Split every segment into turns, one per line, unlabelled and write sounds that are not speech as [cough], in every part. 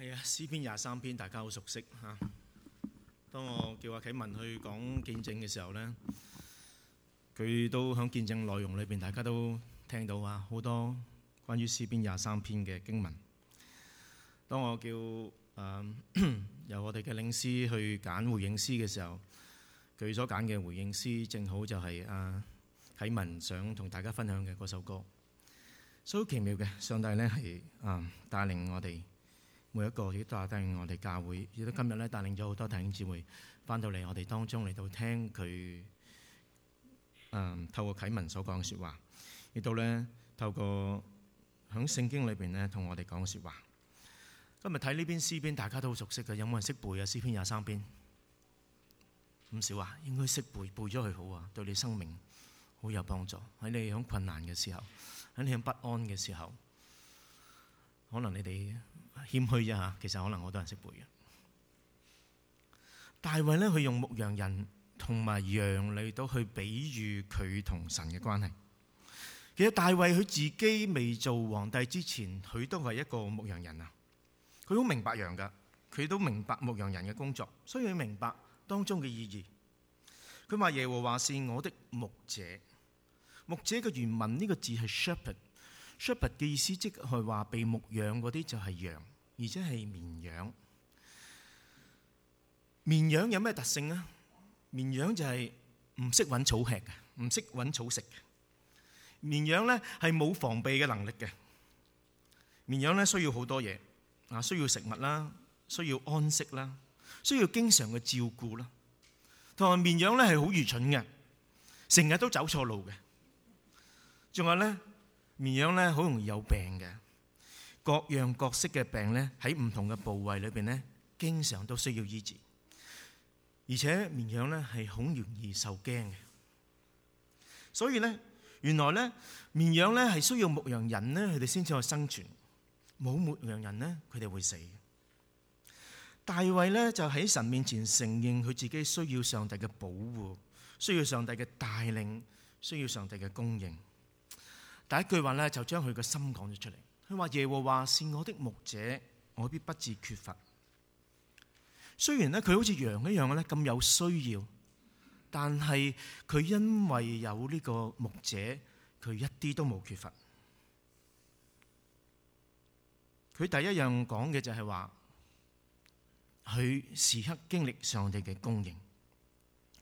係啊，《詩篇》廿三篇，大家好熟悉吓。當我叫阿啟文去講見證嘅時候咧，佢都響見證內容裏邊，大家都聽到啊，好多關於《詩篇》廿三篇嘅經文。當我叫誒由我哋嘅領詩去揀回應詩嘅時候，佢所揀嘅回應詩正好就係阿啟文想同大家分享嘅嗰首歌，所以好奇妙嘅上帝咧係啊帶領我哋。每一個亦都帶領我哋教會，亦都今日咧帶領咗好多弟兄姊妹返到嚟我哋當中嚟到聽佢，嗯，透過啟文所講嘅説話，亦到咧透過響聖經裏邊咧同我哋講嘅説話。今日睇呢篇詩篇，大家都好熟悉嘅，有冇人識背啊？詩篇廿三篇，唔少啊，應該識背，背咗佢好啊，對你生命好有幫助。喺你響困難嘅時候，喺你響不安嘅時候。可能你哋謙虛啫嚇，其實可能好多人識背嘅。大衛咧，佢用牧羊人同埋羊嚟到去比喻佢同神嘅關係。其實大衛佢自己未做皇帝之前，佢都係一個牧羊人啊。佢好明白羊噶佢都明白牧羊人嘅工作，所以佢明白當中嘅意義。佢話耶和華是我的牧者，牧者嘅原文呢個字係 shepherd，sheep 嘅意思即係話被牧養嗰啲就係羊，而且係綿羊。綿羊有咩特性啊？綿羊就係唔識搵草食嘅，唔識搵草食。綿羊咧係冇防備嘅能力嘅。綿羊咧需要好多嘢啊，需要食物啦，需要安息啦，需要經常嘅照顧啦。同埋綿羊咧係好愚蠢嘅，成日都走錯路嘅。仲有咧。綿羊咧好容易有病嘅，各樣各式嘅病咧，喺唔同嘅部位裏邊咧，經常都需要醫治。而且綿羊咧係好容易受驚嘅，所以咧原來咧綿羊咧係需要牧羊人咧佢哋先至可以生存，冇牧羊人咧佢哋會死嘅。大衛咧就喺神面前承認佢自己需要上帝嘅保護，需要上帝嘅帶領，需要上帝嘅供應。第一句話咧，就將佢嘅心講咗出嚟。佢話：耶和華是我的牧者，我必不致缺乏。雖然咧，佢好似羊一樣咧咁有需要，但係佢因為有呢個牧者，佢一啲都冇缺乏。佢第一樣講嘅就係話，佢時刻經歷上帝嘅供應。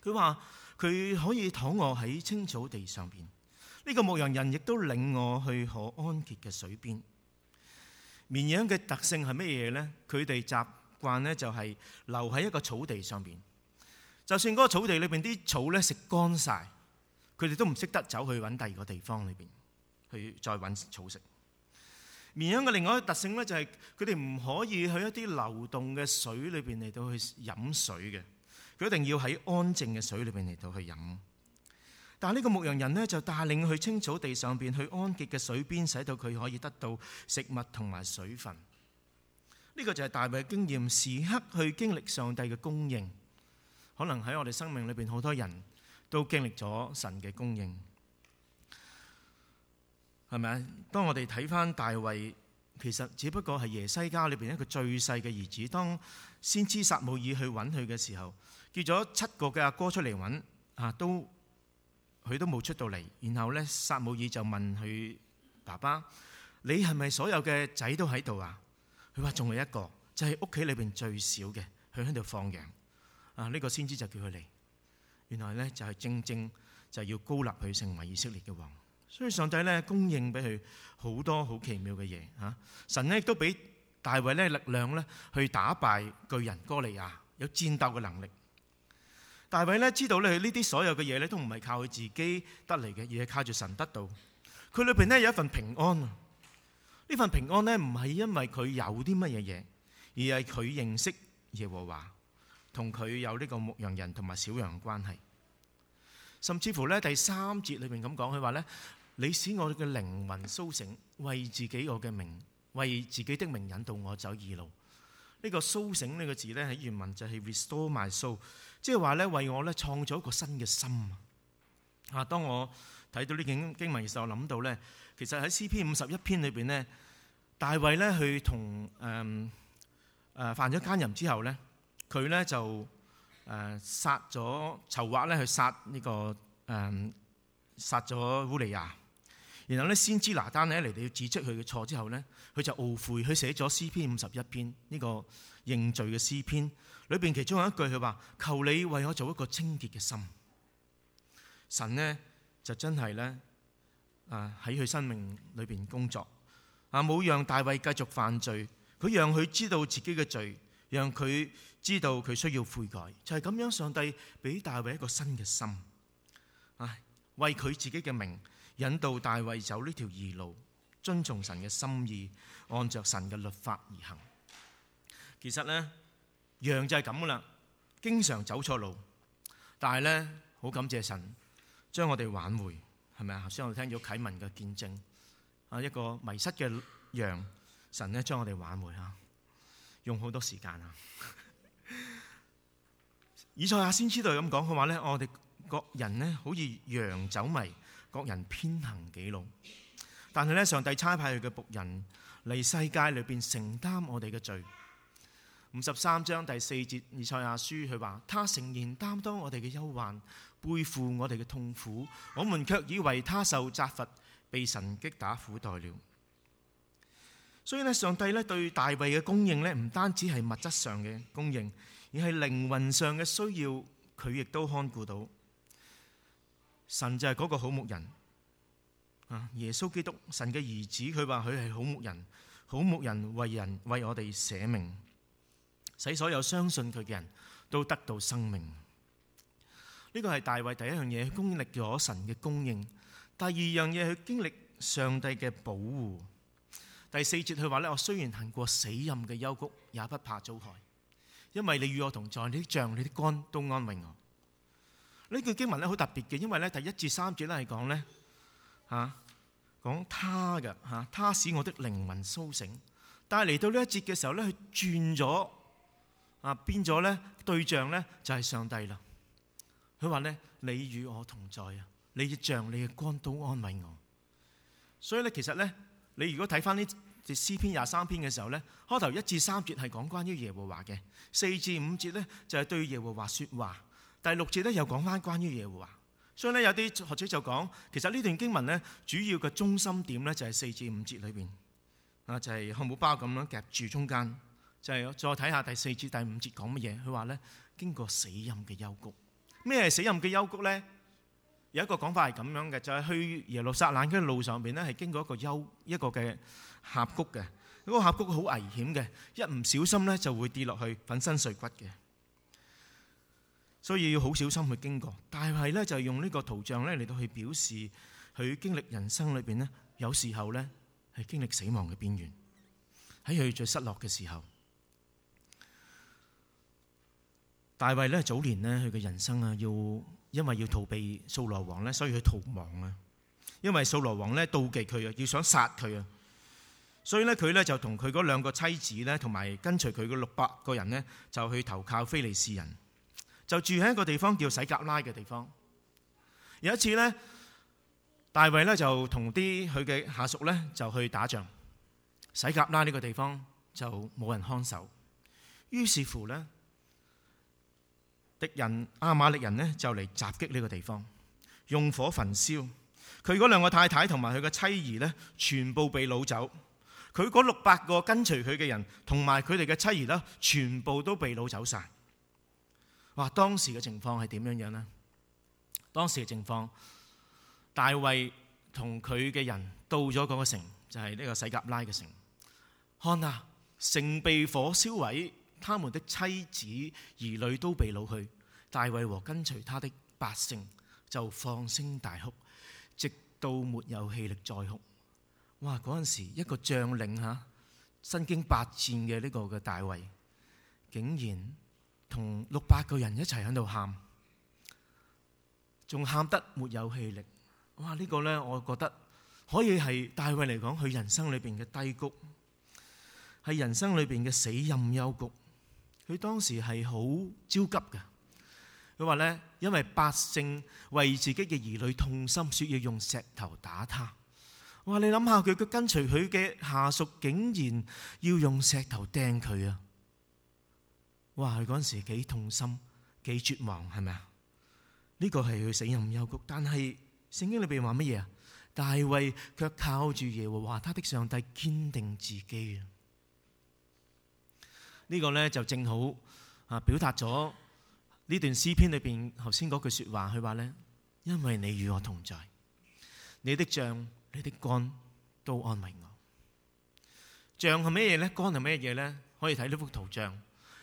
佢話：佢可以躺臥喺青草地上邊。呢個牧羊人亦都領我去可安歇嘅水邊。綿羊嘅特性係乜嘢咧？佢哋習慣咧就係留喺一個草地上邊，就算嗰個草地裏邊啲草咧食乾晒，佢哋都唔識得走去揾第二個地方裏邊去再揾草食。綿羊嘅另外一個特性咧就係佢哋唔可以去一啲流動嘅水裏邊嚟到去飲水嘅，佢一定要喺安靜嘅水裏邊嚟到去飲。但呢個牧羊人呢，就帶領佢去青草地上邊去安歇嘅水邊，使到佢可以得到食物同埋水分。呢個就係大衛嘅經驗，時刻去經歷上帝嘅供應。可能喺我哋生命裏邊，好多人都經歷咗神嘅供應，係咪啊？當我哋睇翻大衛，其實只不過係耶西家裏邊一個最細嘅兒子。當先知撒母耳去揾佢嘅時候，叫咗七個嘅阿哥出嚟揾，啊都。佢都冇出到嚟，然後咧，撒母耳就問佢爸爸：你係咪所有嘅仔都喺度啊？佢話仲有一個，就係屋企裏邊最少嘅，佢喺度放羊。啊，呢個先知就叫佢嚟。原來咧就係正正就係要膏立佢成為以色列嘅王。所以上帝咧供應俾佢好多好奇妙嘅嘢吓。神咧亦都俾大衛咧力量咧去打敗巨人哥利亞，有戰鬥嘅能力。大衛咧知道咧呢啲所有嘅嘢咧都唔係靠佢自己得嚟嘅，而係靠住神得到。佢裏邊咧有一份平安啊！呢份平安咧唔係因為佢有啲乜嘢嘢，而係佢認識耶和華，同佢有呢個牧羊人同埋小羊嘅關係。甚至乎咧第三節裏邊咁講，佢話咧：你使我嘅靈魂蘇醒，為自己我嘅名，為自己的名引導我走義路。呢個蘇醒呢個字咧喺原文就係 restore my soul。即係話咧，為我咧創造一個新嘅心啊！當我睇到呢件經文嘅時候，我諗到咧，其實喺詩篇五十一篇裏面咧，大衛咧去同誒誒犯咗奸淫之後咧，佢咧就誒、呃、殺咗籌劃咧去殺呢、呢個、呃、殺咗烏利亞。然後咧，先知拿單咧嚟，你要指出佢嘅錯之後咧，佢就懊悔，佢寫咗詩篇五十一篇呢個認罪嘅詩篇，裏邊其中有一句佢話：求你為我做一個清潔嘅心。神呢就真係咧，啊喺佢生命裏邊工作啊，冇讓大衛繼續犯罪，佢讓佢知道自己嘅罪，讓佢知道佢需要悔改，就係咁樣，上帝俾大衛一個新嘅心，唉，為佢自己嘅名。引導大衛走呢條義路，尊重神嘅心意，按着神嘅律法而行。其實呢，羊就係咁噶啦，經常走錯路，但係呢，好感謝神將我哋挽回，係咪啊？頭先我哋聽咗啟文嘅見證啊，一個迷失嘅羊，神咧將我哋挽回啊，用好多時間啊。 [laughs] 以賽亞先知道係咁講嘅話呢，我哋各人呢，好似羊走迷。各人偏行己路，但係咧，上帝差派佢嘅僕人嚟世界裏邊承擔我哋嘅罪。五十三章第四節，以賽亞書佢話：他誠然擔當我哋嘅憂患，背負我哋嘅痛苦，我們卻以為他受責罰，被神擊打苦待了。所以呢，上帝咧對大衛嘅供應呢，唔單止係物質上嘅供應，而係靈魂上嘅需要，佢亦都看顧到。神就係嗰個好牧人啊！耶穌基督，神嘅兒子，佢話佢係好牧人，好牧人為人為我哋捨命，使所有相信佢嘅人都得到生命。呢個係大衛第一樣嘢，佢經歷咗神嘅供應；第二樣嘢，佢經歷上帝嘅保護；第四節佢話咧：我雖然行過死蔭嘅幽谷，也不怕遭害，因為你與我同在，你啲杖、你啲竿都安慰我。呢句經文咧好特別嘅，因為咧第一至三節咧係講咧吓，講他嘅吓，他使我的靈魂甦醒。但係嚟到呢一節嘅時候咧，佢轉咗啊，變咗咧對象咧就係上帝啦。佢話咧，你與我同在啊，你嘅杖、你嘅竿都安慰我。所以咧，其實咧，你如果睇翻呢隻詩篇廿三篇嘅時候咧，開頭一至三節係講關於耶和華嘅，四至五節咧就係對耶和華說話。第六節咧又講翻關於耶和華，所以咧有啲學者就講，其實呢段經文咧主要嘅中心點咧就係四至五節裏邊，啊就係漢堡包咁樣夾住中間，就係再睇下第四節第五節講乜嘢。佢話咧經過死蔭嘅幽谷，咩係死蔭嘅幽谷咧？有一個講法係咁樣嘅，就係去耶路撒冷嘅路上邊咧，係經過一個幽一個嘅峽谷嘅，嗰個峽谷好危險嘅，一唔小心咧就會跌落去粉身碎骨嘅。所以要好小心去經過，大衛咧就用呢個圖像咧嚟到去表示佢經歷人生裏邊咧，有時候咧係經歷死亡嘅邊緣，喺佢最失落嘅時候。大衛咧早年咧佢嘅人生啊，要因為要逃避掃羅王咧，所以去逃亡啊。因為掃羅王咧妒忌佢啊，要想殺佢啊，所以咧佢咧就同佢嗰兩個妻子咧，同埋跟隨佢嗰六百個人咧，就去投靠非利士人。就住喺一個地方叫洗革拉嘅地方。有一次呢，大衛呢就同啲佢嘅下屬呢就去打仗。洗革拉呢個地方就冇人看守，於是乎呢敵人亞瑪力人呢就嚟襲擊呢個地方，用火焚燒。佢嗰兩個太太同埋佢嘅妻兒呢全部被擄走。佢嗰六百個跟隨佢嘅人同埋佢哋嘅妻兒呢，全部都被擄走晒。哇！當時嘅情況係點樣樣呢？當時嘅情況，大衛同佢嘅人到咗嗰個城，就係、是、呢個洗革拉嘅城。看啊，城被火燒毀，他們的妻子、兒女都被擄去。大衛和跟隨他的百姓就放聲大哭，直到沒有氣力再哭。哇！嗰陣時，一個將領嚇身經百戰嘅呢個嘅大衛，竟然～同六百個人一齊喺度喊，仲喊得沒有氣力。哇！呢個咧，我覺得可以係大衛嚟講，佢人生裏邊嘅低谷，係人生裏邊嘅死蔭幽谷。佢當時係好焦急㗎。佢話咧，因為百姓為自己嘅兒女痛心，説要用石頭打他。我話你諗下，佢佢跟隨佢嘅下屬，竟然要用石頭掟佢啊！哇！佢嗰陣時幾痛心，幾絕望，係咪啊？呢、這個係佢死蔭幽谷，但係聖經裏邊話乜嘢啊？大衛卻靠住耶和華，他的上帝堅定自己啊。這個、呢個咧就正好啊，表達咗呢段詩篇裏邊頭先嗰句說話。佢話咧，因為你與我同在，你的杖，你的竿都安慰我。杖係乜嘢咧？竿係乜嘢咧？可以睇呢幅圖像。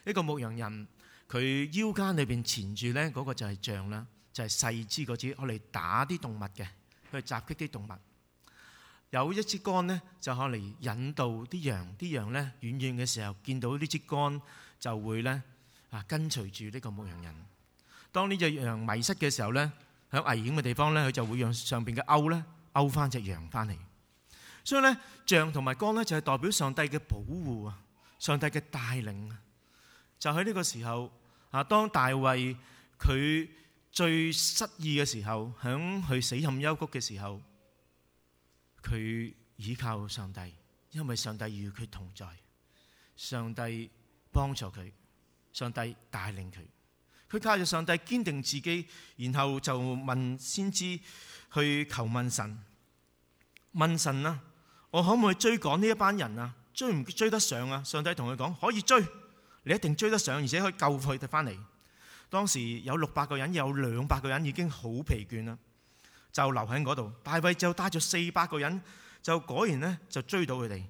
呢個牧羊人佢腰間裏邊纏住咧嗰個就係杖啦，就係細枝嗰支，我嚟打啲動物嘅，去襲擊啲動物。有一支竿咧就可嚟引導啲羊，啲羊咧遠遠嘅時候見到呢支竿就會咧啊跟隨住呢個牧羊人。當呢隻羊迷失嘅時候咧，喺危險嘅地方咧，佢就會讓上邊嘅勾咧勾翻隻羊翻嚟。所以咧杖同埋竿咧就係代表上帝嘅保護啊，上帝嘅帶領啊。就喺呢個時候，啊，當大衛佢最失意嘅時候，響佢死蔭幽谷嘅時候，佢依靠上帝，因為上帝與佢同在，上帝幫助佢，上帝帶領佢，佢靠住上帝堅定自己，然後就問先知去求問神，問神啊，我可唔可以追趕呢一班人啊？追唔追得上啊？上帝同佢講，可以追。你一定追得上，而且可以救佢哋翻嚟。當時有六百個人，有兩百個人已經好疲倦啦，就留喺嗰度。大衛就帶著四百個人，就果然呢，就追到佢哋。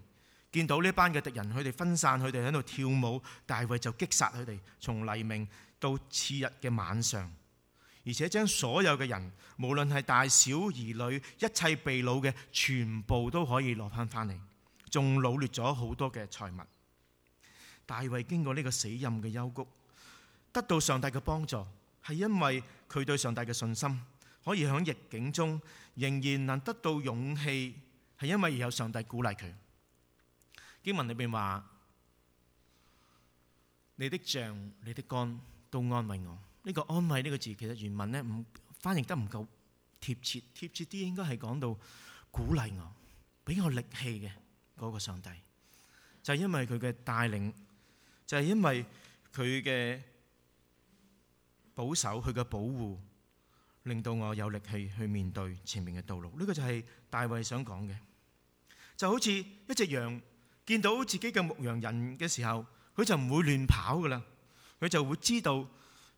見到呢班嘅敵人，佢哋分散，佢哋喺度跳舞。大衛就擊殺佢哋，從黎明到次日嘅晚上，而且將所有嘅人，無論係大小兒女，一切被擄嘅，全部都可以攞返翻嚟，仲擄掠咗好多嘅財物。大衛經過呢個死蔭嘅幽谷，得到上帝嘅幫助，係因為佢對上帝嘅信心，可以喺逆境中仍然能得到勇氣，係因為而有上帝鼓勵佢。經文裏邊話：你的杖、你的竿都安慰我。呢個安慰呢個字，其實原文呢唔翻譯得唔夠貼切，貼切啲應該係講到鼓勵我，俾我力氣嘅嗰個上帝，就係因為佢嘅帶領。就係因為佢嘅保守，佢嘅保護，令到我有力氣去面對前面嘅道路。呢個就係大衛想講嘅。就好似一隻羊見到自己嘅牧羊人嘅時候，佢就唔會亂跑噶啦，佢就會知道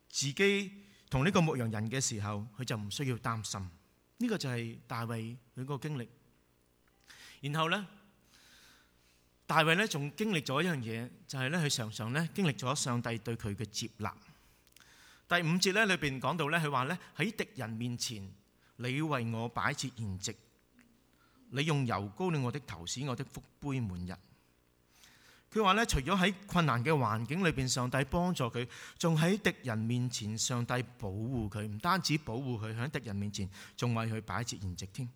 自己同呢個牧羊人嘅時候，佢就唔需要擔心。呢個就係大衛佢個經歷。然後呢。大衛咧仲經歷咗一樣嘢，就係咧佢常常咧經歷咗上帝對佢嘅接納。第五節咧裏邊講到咧，佢話咧喺敵人面前，你為我擺設筵席，你用油膏了我的頭使，使我的福杯滿溢，佢話咧，除咗喺困難嘅環境裏邊，上帝幫助佢，仲喺敵人面前，上帝保護佢，唔單止保護佢喺敵人面前，仲為佢擺設筵席添。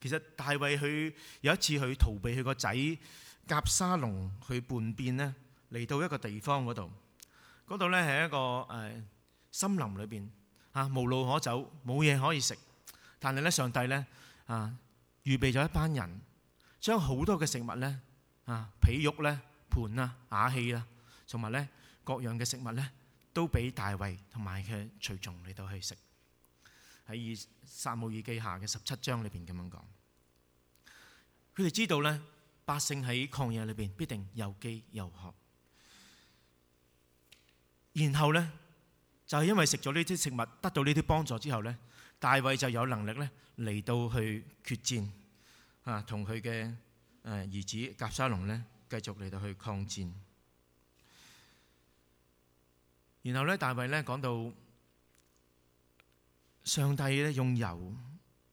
其實大衛佢有一次去逃避佢個仔押沙龍去叛變咧，嚟到一個地方嗰度，嗰度咧係一個誒、呃、森林裏邊嚇，無路可走，冇嘢可以食。但係咧，上帝咧啊預備咗一班人，將好多嘅食物咧啊，被褥咧盤啊，瓦器啊，同埋咧各樣嘅食物咧，都俾大衛同埋佢隨從嚟到去食。喺撒母耳記下嘅十七章裏邊咁樣講，佢哋知道咧，百姓喺曠野裏邊必定又飢又渴，然後咧就係、是、因為食咗呢啲食物，得到呢啲幫助之後咧，大衛就有能力咧嚟到去決戰啊，同佢嘅誒兒子甲沙龍咧繼續嚟到去抗戰，然後咧大衛咧講到。上帝咧用油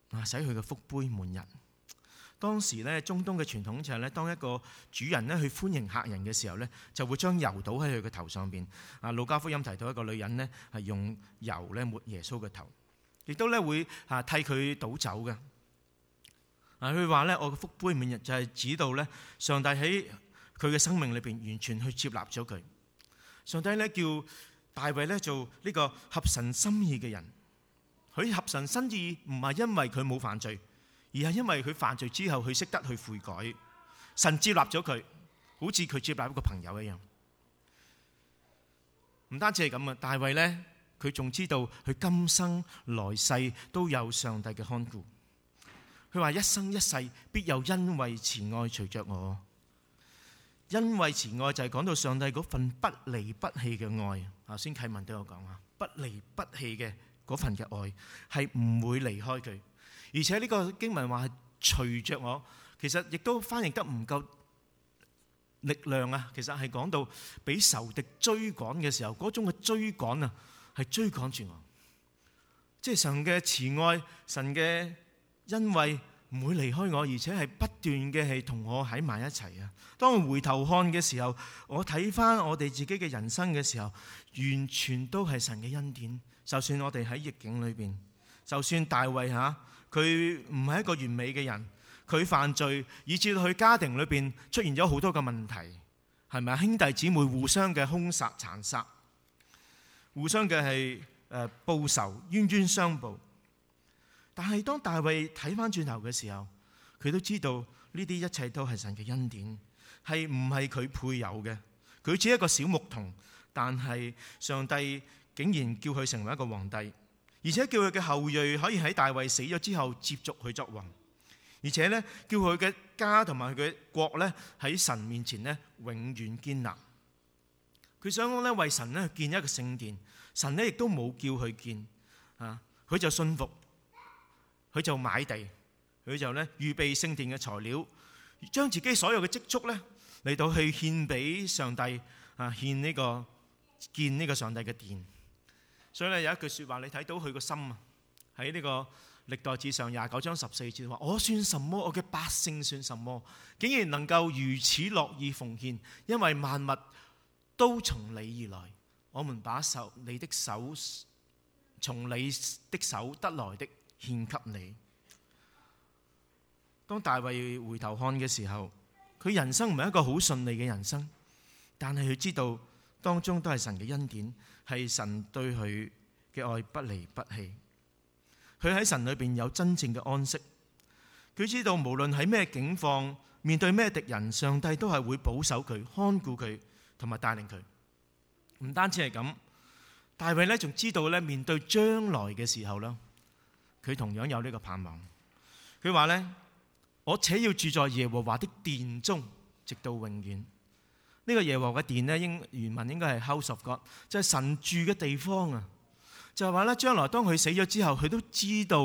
啊，使佢嘅福杯滿溢。當時咧，中東嘅傳統就係咧，當一個主人咧去歡迎客人嘅時候咧，就會將油倒喺佢嘅頭上邊。啊，路加福音提到一個女人咧，係用油咧抹耶穌嘅頭，亦都咧會啊替佢倒酒嘅。啊，佢話咧，我嘅福杯滿溢就係指到咧，上帝喺佢嘅生命裏邊完全去接納咗佢。上帝咧叫大衛咧做呢個合神心意嘅人。佢合神心意，唔係因為佢冇犯罪，而係因為佢犯罪之後佢識得去悔改，神接納咗佢，好似佢接納一個朋友一樣。唔單止係咁啊，大衛呢，佢仲知道佢今生來世都有上帝嘅看顧。佢話一生一世必有恩惠慈愛隨着我。恩惠慈愛就係講到上帝嗰份不離不棄嘅愛。頭先啟文都有講啊，不離不棄嘅。嗰份嘅愛係唔會離開佢，而且呢個經文話係隨着我，其實亦都翻譯得唔夠力量啊。其實係講到俾仇敵追趕嘅時候，嗰種嘅追趕啊，係追趕住我，即係神嘅慈愛，神嘅恩惠唔會離開我，而且係不斷嘅係同我喺埋一齊啊。當我回頭看嘅時候，我睇翻我哋自己嘅人生嘅時候，完全都係神嘅恩典。就算我哋喺逆境裏邊，就算大衛吓佢唔係一個完美嘅人，佢犯罪，以至到佢家庭裏邊出現咗好多嘅問題，係咪兄弟姊妹互相嘅兇殺殘殺，互相嘅係誒報仇冤冤相報。但係當大衛睇翻轉頭嘅時候，佢都知道呢啲一切都係神嘅恩典，係唔係佢配有嘅。佢只係一個小牧童，但係上帝。竟然叫佢成為一個皇帝，而且叫佢嘅後裔可以喺大衛死咗之後接續佢作王，而且呢，叫佢嘅家同埋佢嘅國呢，喺神面前呢永遠堅立。佢想咧為神呢建一個聖殿，神呢亦都冇叫佢建啊，佢就信服，佢就買地，佢就呢預備聖殿嘅材料，將自己所有嘅積蓄呢嚟到去獻俾上帝啊，獻呢個建呢個上帝嘅殿。所以有一句說話，你睇到佢個心啊喺呢個歷代志上廿九章十四節話：我算什麼？我嘅百姓算什麼？竟然能夠如此樂意奉獻，因為萬物都從你而來。我們把手你的手，從你的手得來的獻給你。當大衛回頭看嘅時候，佢人生唔係一個好順利嘅人生，但係佢知道。當中都係神嘅恩典，係神對佢嘅愛不離不棄。佢喺神裏邊有真正嘅安息。佢知道無論喺咩境況，面對咩敵人，上帝都係會保守佢、看顧佢同埋帶領佢。唔單止係咁，大衛咧仲知道咧面對將來嘅時候啦，佢同樣有呢個盼望。佢話咧：我且要住在耶和華的殿中，直到永遠。呢、這個耶和華嘅殿咧，應原文應該係 House of God 即係神住嘅地方啊！就係話咧，將來當佢死咗之後，佢都知道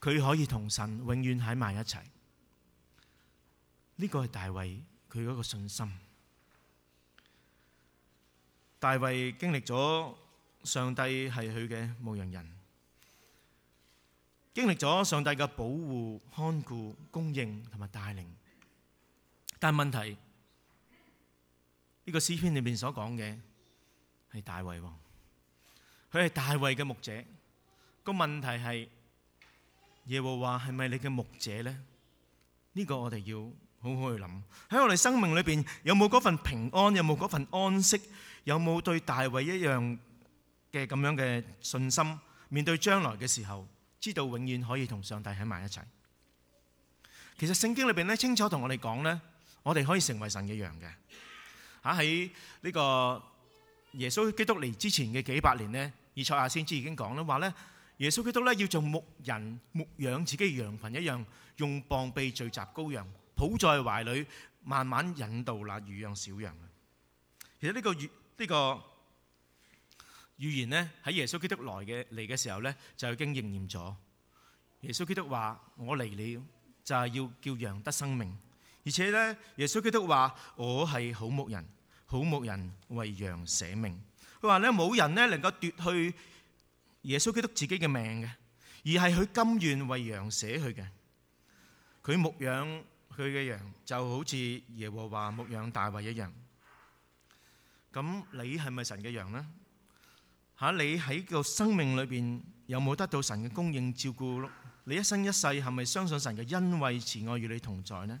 佢可以同神永遠喺埋一齊。呢、這個係大衛佢嗰個信心。大衛經歷咗上帝係佢嘅牧羊人，經歷咗上帝嘅保護、看顧、供應同埋帶領，但係問題。呢個詩篇裏面所講嘅係大衛，佢係大衛嘅牧者。個問題係耶和華係咪你嘅牧者咧？呢個我哋要好好去諗。喺我哋生命裏邊，有冇嗰份平安？有冇嗰份安息？有冇對大衛一樣嘅咁樣嘅信心？面對將來嘅時候，知道永遠可以同上帝喺埋一齊。其實聖經裏邊咧，清楚同我哋講咧，我哋可以成為神嘅羊嘅。喺喺呢個耶穌基督嚟之前嘅幾百年咧，以賽亞先知已經講啦，話咧耶穌基督咧，要做牧人，牧養自己羊群一樣，用膀臂聚集羔羊，抱在懷裡，慢慢引導啦乳養小羊。其實、這個這個這個、言呢個預呢個預言咧喺耶穌基督來嘅嚟嘅時候咧，就已經應驗咗。耶穌基督話：我嚟了，就係要叫羊得生命。而且咧，耶穌基督話：我係好牧人，好牧人為羊捨命。佢話咧，冇人咧能夠奪去耶穌基督自己嘅命嘅，而係佢甘願為羊捨去嘅。佢牧養佢嘅羊，就好似耶和華牧養大衛一樣。咁你係咪神嘅羊咧？嚇，你喺個生命裏邊有冇得到神嘅供應照顧？你一生一世係咪相信神嘅恩惠慈愛與你同在咧？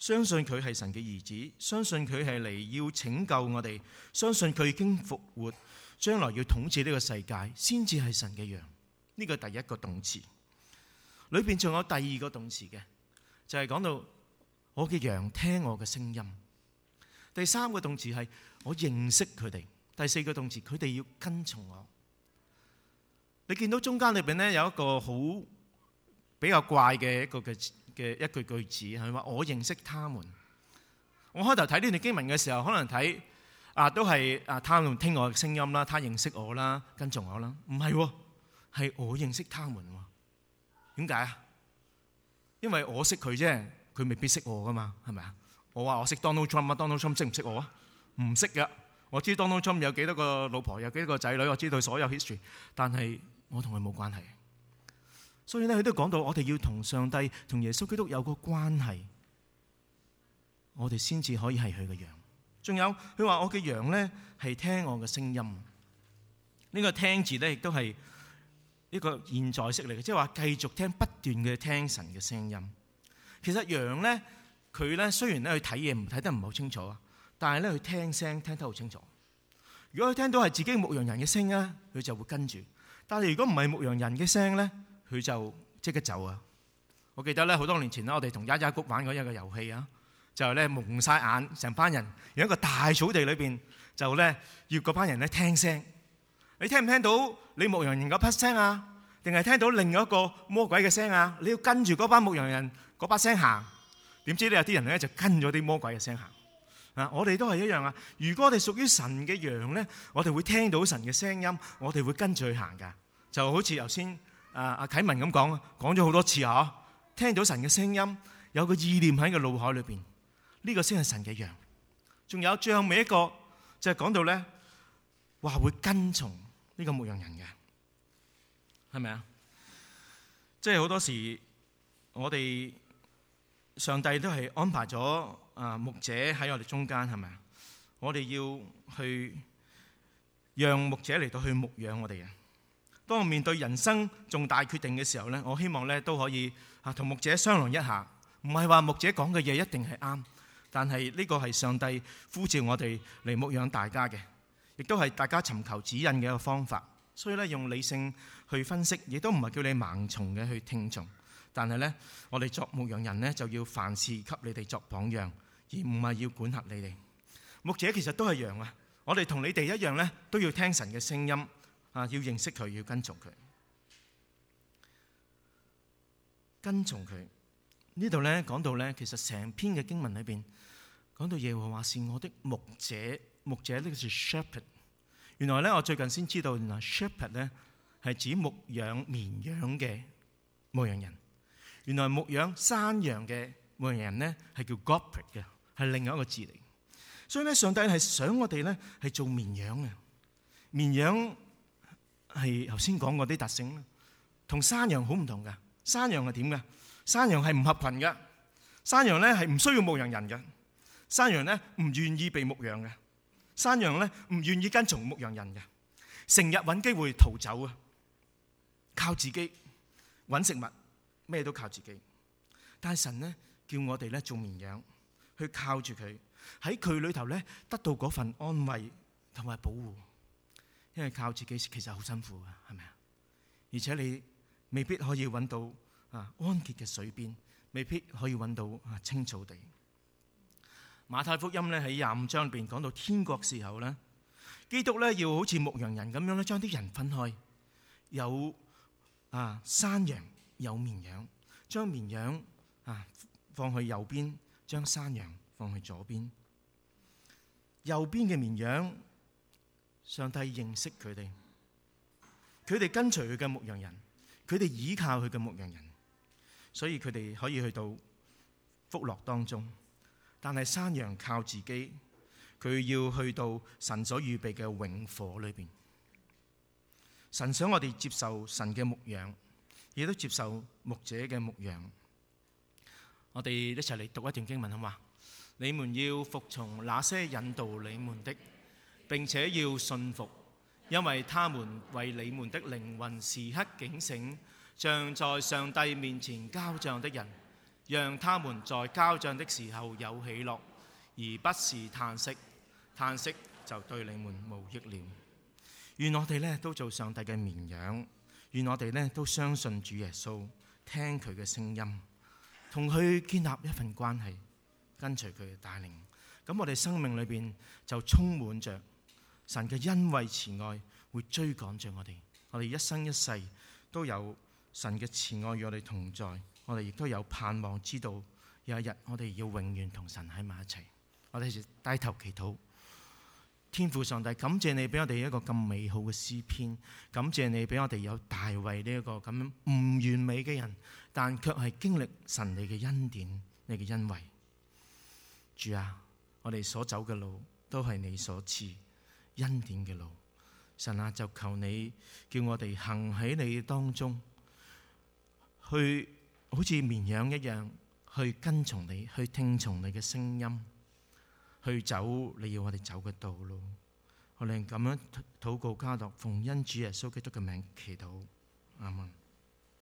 相信佢係神嘅兒子，相信佢係嚟要拯救我哋，相信佢已經復活，將來要統治呢個世界，先至係神嘅羊。呢、這個第一個動詞，裏邊仲有第二個動詞嘅，就係、是、講到我嘅羊聽我嘅聲音。第三個動詞係我認識佢哋，第四個動詞佢哋要跟從我。你見到中間裏邊呢，有一個好比較怪嘅一個嘅。嘅一句句子係話：我認識他們。我開頭睇呢段經文嘅時候，可能睇啊都係啊他聽我嘅聲音啦，他認識我啦，跟住我啦。唔係，係我認識他們喎。點解啊？因為我識佢啫，佢未必識我噶嘛，係咪啊？我話我識 Donald Trump，Donald Trump 識唔識我啊？唔識噶。我知 Donald Trump 有幾多個老婆，有幾多個仔女，我知道佢所有 history，但係我同佢冇關係。所以咧，佢都講到，我哋要同上帝、同耶穌基督有個關係，我哋先至可以係佢嘅羊。仲有佢話：我嘅羊咧係聽我嘅聲音。呢個聽字咧亦都係一個現在式嚟嘅，即係話繼續聽，不斷嘅聽神嘅聲音。其實羊咧，佢咧雖然咧佢睇嘢睇得唔係好清楚啊，但係咧佢聽聲聽得好清楚。如果佢聽到係自己牧羊人嘅聲啊，佢就會跟住。但係如果唔係牧羊人嘅聲咧，佢就即刻走啊！我記得咧，好多年前咧，我哋同丫丫谷玩過一個遊戲啊，就咧蒙曬眼，成班人有一個大草地裏邊，就咧要嗰班人咧聽聲。你聽唔聽到你牧羊人嗰把聲啊？定係聽到另一個魔鬼嘅聲啊？你要跟住嗰班牧羊人嗰把聲行。點知咧有啲人咧就跟咗啲魔鬼嘅聲行啊！我哋都係一樣啊。如果我哋屬於神嘅羊咧，我哋會聽到神嘅聲音，我哋會跟住去行噶。就好似頭先。阿阿啟文咁講，講咗好多次啊！聽到神嘅聲音，有個意念喺個腦海裏邊，呢個先係神嘅羊。仲有最後尾一個就係講到咧，話會跟從呢個牧羊人嘅，係咪啊？即係好多時，我哋上帝都係安排咗啊牧者喺我哋中間，係咪啊？我哋要去讓牧者嚟到去牧養我哋嘅。當我面對人生重大決定嘅時候呢，我希望呢都可以嚇同牧者商量一下，唔係話牧者講嘅嘢一定係啱，但係呢個係上帝呼召我哋嚟牧養大家嘅，亦都係大家尋求指引嘅一個方法。所以咧，用理性去分析，亦都唔係叫你盲從嘅去聽從。但係呢，我哋作牧羊人呢就要凡事給你哋作榜樣，而唔係要管轄你哋。牧者其實都係羊啊，我哋同你哋一樣呢，都要聽神嘅聲音。啊！要認識佢，要跟從佢，跟從佢呢度咧講到咧，其實成篇嘅經文裏邊講到耶和華是我的牧者，牧者呢個是 shepherd。原來咧我最近先知道，原來 shepherd 咧係指牧養綿羊嘅牧羊人。原來牧養山羊嘅牧羊人咧係叫 goat 嘅，係另外一個字嚟。所以咧，上帝係想我哋咧係做綿羊嘅，綿羊。係頭先講嗰啲特性啦，同山羊好唔同噶。山羊係點噶？山羊係唔合群噶，山羊咧係唔需要牧羊人噶，山羊咧唔願意被牧羊噶，山羊咧唔願意跟從牧羊人噶，成日揾機會逃走啊！靠自己揾食物，咩都靠自己。但係神咧叫我哋咧做綿羊，去靠住佢喺佢裏頭咧得到嗰份安慰同埋保護。因為靠自己其實好辛苦噶，係咪啊？而且你未必可以揾到啊安歇嘅水邊，未必可以揾到啊青草地。馬太福音咧喺廿五章入邊講到天國時候咧，基督咧要好似牧羊人咁樣咧，將啲人分開，有啊山羊有綿羊，將綿羊啊放去右邊，將山羊放去左邊。右邊嘅綿羊。上帝認識佢哋，佢哋跟隨佢嘅牧羊人，佢哋依靠佢嘅牧羊人，所以佢哋可以去到福樂當中。但係山羊靠自己，佢要去到神所預備嘅永火裏邊。神想我哋接受神嘅牧養，亦都接受牧者嘅牧養。我哋一齊嚟讀一段經文，好嗎？你們要服從那些引導你們的。並且要信服，因為他們為你們的靈魂時刻警醒，像在上帝面前交賬的人，讓他們在交賬的時候有喜樂，而不是嘆息。嘆息就對你們無益了。願我哋呢都做上帝嘅綿羊，願我哋呢都相信主耶穌，聽佢嘅聲音，同佢建立一份關係，跟隨佢嘅帶領。咁我哋生命裏邊就充滿着。神嘅恩惠慈愛會追趕着我哋，我哋一生一世都有神嘅慈愛與我哋同在。我哋亦都有盼望，知道有一日我哋要永遠同神喺埋一齊。我哋就低頭祈禱，天父上帝，感謝你俾我哋一個咁美好嘅詩篇，感謝你俾我哋有大衛呢一個咁樣唔完美嘅人，但卻係經歷神你嘅恩典，你嘅恩惠。主啊，我哋所走嘅路都係你所賜。恩典嘅路，神啊，就求你叫我哋行喺你當中，去好似綿羊一樣，去跟從你，去聽從你嘅聲音，去走你要我哋走嘅道路。我哋咁樣禱告，交託，奉恩主耶穌基督嘅名祈禱，阿門。